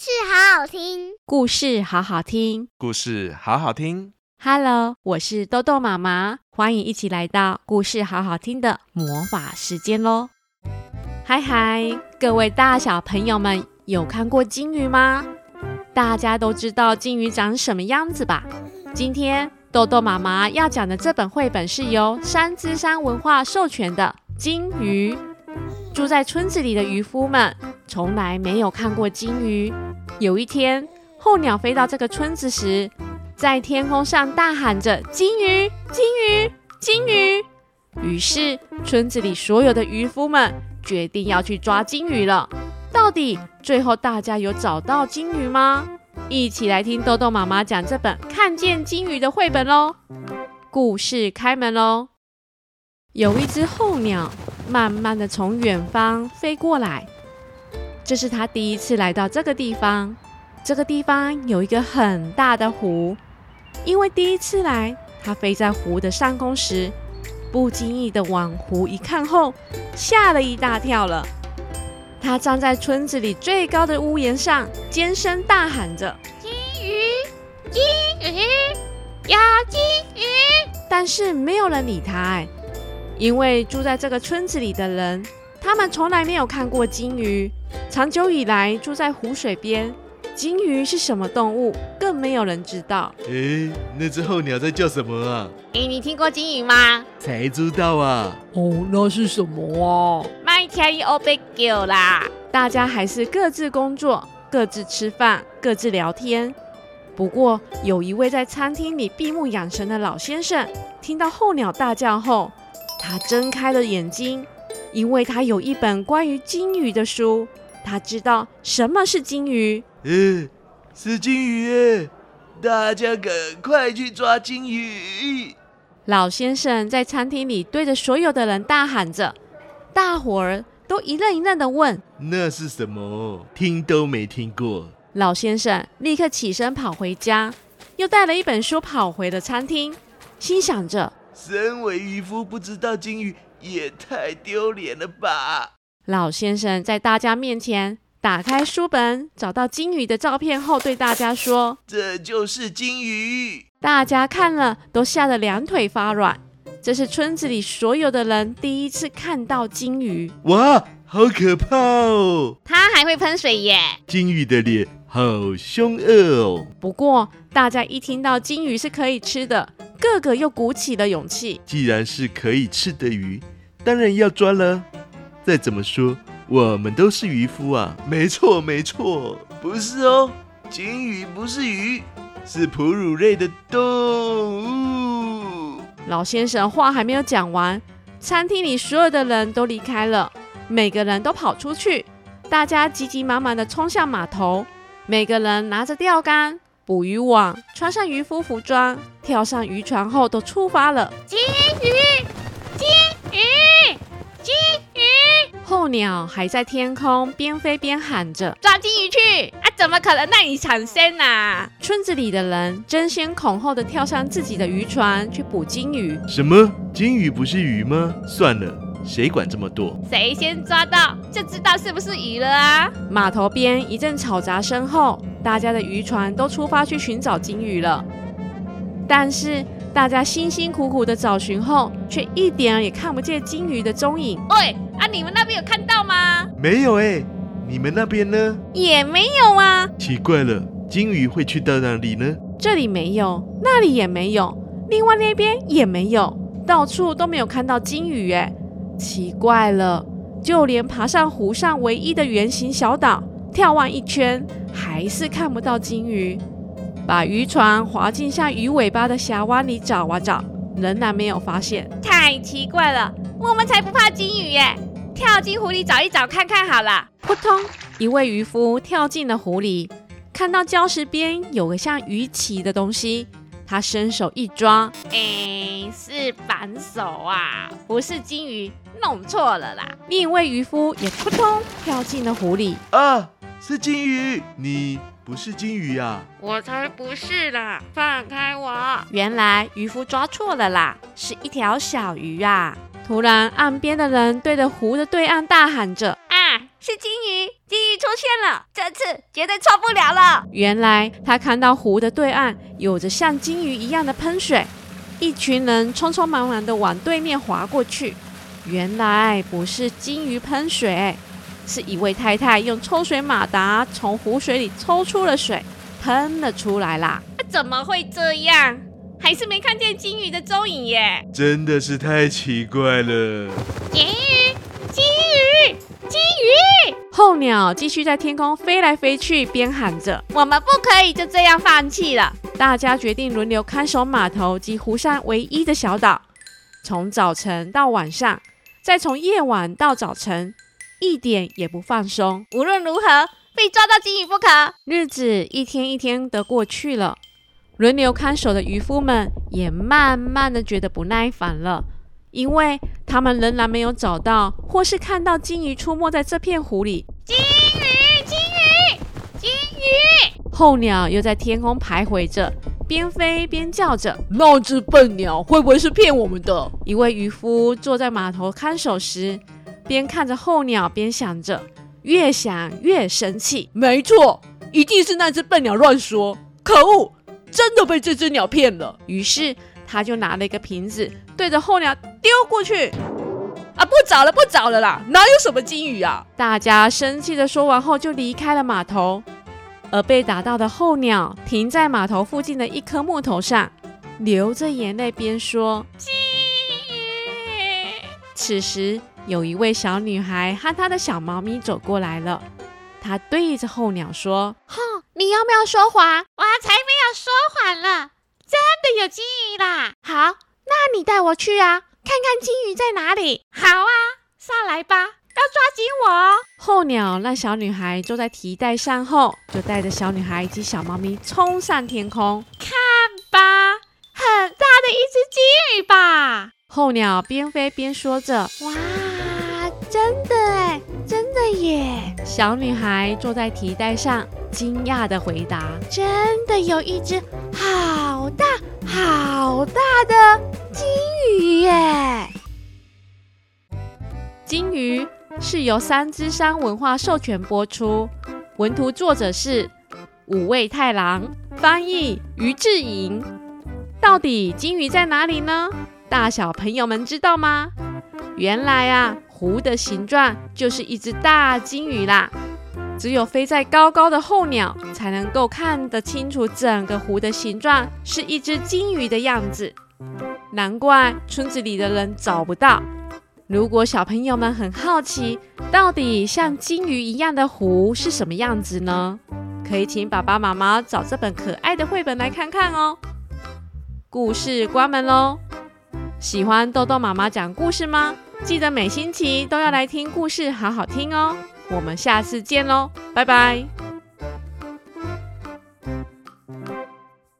是好好聽故事好好聽，故事好好聽，故事好好聽。Hello，我是豆豆媽媽，歡迎一起來到故事好好聽的魔法時間嘍！嗨嗨，各位大小朋友們，有看過鯨魚嗎？大家都知道鯨魚長什麼樣子吧？今天豆豆媽媽要講的這本繪本是由三之三文化授權的《鯨魚》。住在村子裡的漁夫們從來沒有看過鯨魚。有一天，候鳥飛到這個村子時，在天空上大喊着“鯨魚，鯨魚，鯨魚”鯨魚。於是，村子裡所有的漁夫們決定要去抓鯨魚了。到底最後大家有找到鯨魚嗎？一起來聽荳荳媽媽講這本《看見鯨魚》的繪本嘍！故事開門嘍！有一隻候鳥。慢慢地從遠方飛過來，這是他第一次來到這個地方。這個地方有一個很大的湖，因為第一次來，他飛在湖的上空時，不經意地往湖一看後，嚇了一大跳了。他站在村子裡最高的屋檐上，尖聲大喊着：“鯨魚，鯨魚，呀，鯨魚！”但是沒有人理他。哎。因為住在這個村子裡的人，他們從來沒有看過鯨魚。長久以來住在湖水邊，鯨魚是什麼動物，更沒有人知道。誒，那只候鳥在叫什麼啊？哎，你聽過鯨魚嗎？才知道啊！哦，那是什麼啊？麥烏白叫啦！大家還是各自工作、各自吃飯、各自聊天。不過，有一位在餐廳裡閉目養神的老先生，聽到候鳥大叫後。他睜開了眼睛，因為他有一本關於鯨魚的書，他知道什麼是鯨魚。嗯、呃，是鯨魚誒，大家趕快去抓鯨魚！老先生在餐廳裡對着所有的人大喊着，大夥兒都一愣一愣的問：“那是什麼？聽都沒聽過。”老先生立刻起身跑回家，又帶了一本書跑回了餐廳，心想着。身為漁夫不知道鯨魚也太丟臉了吧！老先生在大家面前打開書本，找到鯨魚的照片後，對大家說：“這就是鯨魚。”大家看了都嚇得兩腿發軟。這是村子裡所有的人第一次看到鯨魚。哇，好可怕哦！它還會噴水耶！鯨魚的臉。好兇惡哦！不過大家一聽到鯨魚是可以吃的，個個又鼓起了勇氣。既然是可以吃的魚，當然要抓了。再怎麼說，我們都是漁夫啊！沒錯，沒錯，不是哦，鯨魚不是魚，是哺乳類的動物。老先生話還沒有講完，餐廳裡所有的人都離開了，每個人都跑出去，大家急急忙忙的衝向碼頭。每個人拿着釣竿、捕魚網，穿上漁夫服裝，跳上漁船後都出發了。鯨魚，鯨魚，鯨魚！候鳥還在天空邊飛邊喊着：“抓鯨魚去！”啊，怎麼可能讓你產生呢、啊？村子裡的人爭先恐後的跳上自己的漁船去捕鯨魚。什麼？鯨魚不是魚嗎？算了。誰管這麼多？誰先抓到就知道是不是魚了啊！碼頭邊一陣嘈雜聲後，大家的漁船都出發去尋找鯨魚了。但是大家辛辛苦苦的找尋後，卻一點也看不見鯨魚的蹤影。喂啊，你們那邊有看到嗎？沒有哎，欸，你們那邊呢？也沒有啊。奇怪了，鯨魚會去到哪裡呢？這裡沒有，那裡也沒有，另外那邊也沒有，到處都沒有看到鯨魚誒、欸。奇怪了，就連爬上湖上唯一的圓形小島，眺望一圈，還是看不到鯨魚。把漁船劃進像魚尾巴的峽灣裡找啊找，仍然沒有發現。太奇怪了，我們才不怕鯨魚耶！跳進湖裡找一找看看好了。撲通，一位漁夫跳進了湖裡，看到礁石邊有個像魚鰭的東西。他伸手一抓，哎，是板手啊，不是鯨魚，弄錯了啦！另一位漁夫也撲通跳進了湖裡。啊，是鯨魚，你不是鯨魚呀、啊？我才不是啦！放開我！原來漁夫抓錯了啦，是一條小魚啊！突然，岸邊的人對着湖的對岸大喊着。是鯨魚，鯨魚出現了，這次絕對錯不了了。原來他看到湖的對岸有着像鯨魚一樣的噴水，一群人匆匆忙忙的往對面劃過去。原來不是鯨魚噴水，是一位太太用抽水馬達從湖水裡抽出了水，噴了出來啦。怎麼會這樣？還是沒看見鯨魚的蹤影耶，真的是太奇怪了。候鳥繼續在天空飛來飛去，邊喊着：“我們不可以就這樣放棄了。”大家決定輪流看守碼頭及湖上唯一的小島，從早晨到晚上，再從夜晚到早晨，一點也不放鬆。無論如何，非抓到鯨魚不可。日子一天一天的過去了，輪流看守的漁夫們也慢慢的覺得不耐煩了。因為他們仍然沒有找到，或是看到鯨魚出沒在這片湖裡。鯨魚，鯨魚，鯨魚！候鳥又在天空徘徊着，邊飛邊叫着。那只笨鳥會不會是騙我們的？一位漁夫坐在碼頭看守時，邊看着候鳥，邊想着，越想越生氣。沒錯，一定是那只笨鳥亂說。可惡，真的被這只鳥騙了。於是他就拿了一個瓶子，對着候鳥。丟過去！啊，不找了，不找了啦！哪有什麼鯨魚啊？大家生氣的說完後，就離開了碼頭。而被打到的候鳥停在碼頭附近的一棵木頭上，流着眼淚邊說：“鯨魚。”此時，有一位小女孩和她的小貓咪走過來了。她對着候鳥說：“哼，你有沒有說謊？我才沒有說謊呢。真的有鯨魚啦！好，那你帶我去啊。”看看鯨魚在哪裡？好啊，上來吧，要抓緊我哦！候鳥讓小女孩坐在提袋上後，就帶着小女孩以及小貓咪衝上天空。看吧，很大的一隻鯨魚吧！候鳥邊飛邊說着：“哇，真的誒，真的耶！”小女孩坐在提袋上，驚訝地回答：“真的有一隻好大，好大的。”鯨魚耶！鯨魚是由三之三文化授權播出，文圖作者是五味太郎，翻譯余治瑩。到底鯨魚在哪裡呢？大小朋友們知道嗎？原來啊，湖的形狀就是一隻大鯨魚啦！只有飛在高高的候鳥才能夠看得清楚，整個湖的形狀是一隻鯨魚的樣子。難怪村子裡的人找不到。如果小朋友們很好奇，到底像鯨魚一樣的湖是什麼樣子呢？可以請爸爸媽媽找這本可愛的繪本來看看哦。故事關門嘍！喜歡豆豆媽媽講故事嗎？記得每星期都要來聽故事，好好聽哦。我們下次見嘍，拜拜。